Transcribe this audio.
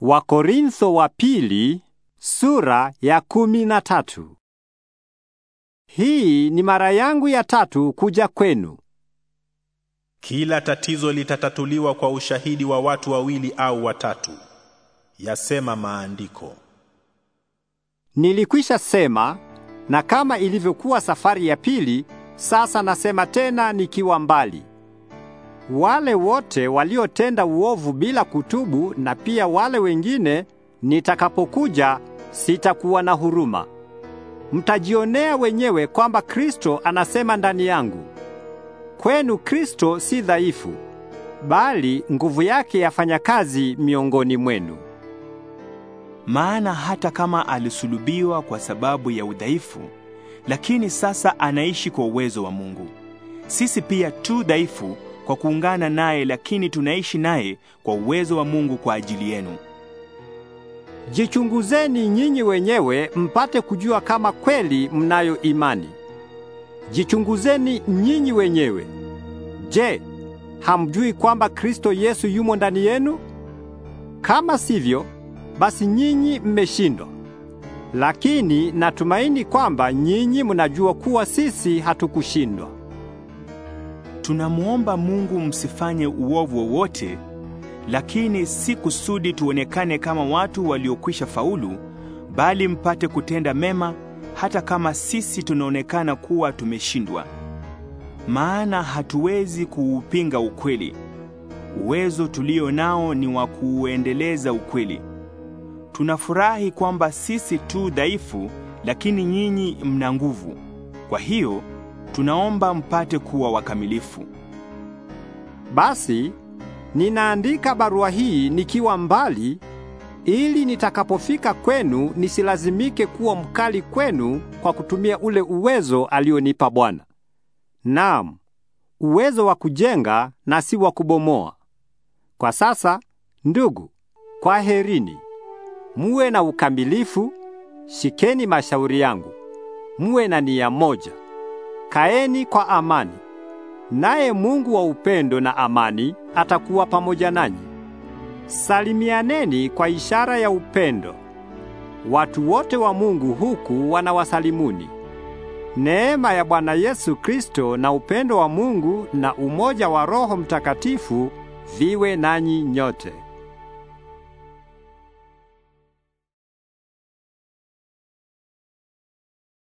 Wakorintho wa pili sura ya kumi na tatu. Hii ni mara yangu ya tatu kuja kwenu. Kila tatizo litatatuliwa kwa ushahidi wa watu wawili au watatu, yasema maandiko. Nilikwisha sema, na kama ilivyokuwa safari ya pili, sasa nasema tena nikiwa mbali wale wote waliotenda uovu bila kutubu na pia wale wengine nitakapokuja sitakuwa na huruma. Mtajionea wenyewe kwamba Kristo anasema ndani yangu. Kwenu Kristo si dhaifu, bali nguvu yake yafanya kazi miongoni mwenu. Maana hata kama alisulubiwa kwa sababu ya udhaifu, lakini sasa anaishi kwa uwezo wa Mungu. Sisi pia tu dhaifu kwa kuungana naye, lakini tunaishi naye kwa uwezo wa Mungu kwa ajili yenu. Jichunguzeni nyinyi wenyewe mpate kujua kama kweli mnayo imani. Jichunguzeni nyinyi wenyewe. Je, hamjui kwamba Kristo Yesu yumo ndani yenu? Kama sivyo, basi nyinyi mmeshindwa. Lakini natumaini kwamba nyinyi mnajua kuwa sisi hatukushindwa tunamwomba Mungu msifanye uovu wowote, lakini si kusudi tuonekane kama watu waliokwisha faulu, bali mpate kutenda mema, hata kama sisi tunaonekana kuwa tumeshindwa. Maana hatuwezi kuupinga ukweli. Uwezo tulio nao ni wa kuuendeleza ukweli. Tunafurahi kwamba sisi tu dhaifu, lakini nyinyi mna nguvu. Kwa hiyo tunaomba mpate kuwa wakamilifu. Basi ninaandika barua hii nikiwa mbali, ili nitakapofika kwenu nisilazimike kuwa mkali kwenu kwa kutumia ule uwezo alionipa Bwana. Naam, uwezo wa kujenga na si wa kubomoa. Kwa sasa, ndugu, kwa herini Muwe na ukamilifu, shikeni mashauri yangu. Muwe na nia moja kaeni kwa amani. Naye Mungu wa upendo na amani atakuwa pamoja nanyi. Salimianeni kwa ishara ya upendo. Watu wote wa Mungu huku wanawasalimuni. Neema ya Bwana Yesu Kristo na upendo wa Mungu na umoja wa Roho Mtakatifu viwe nanyi nyote.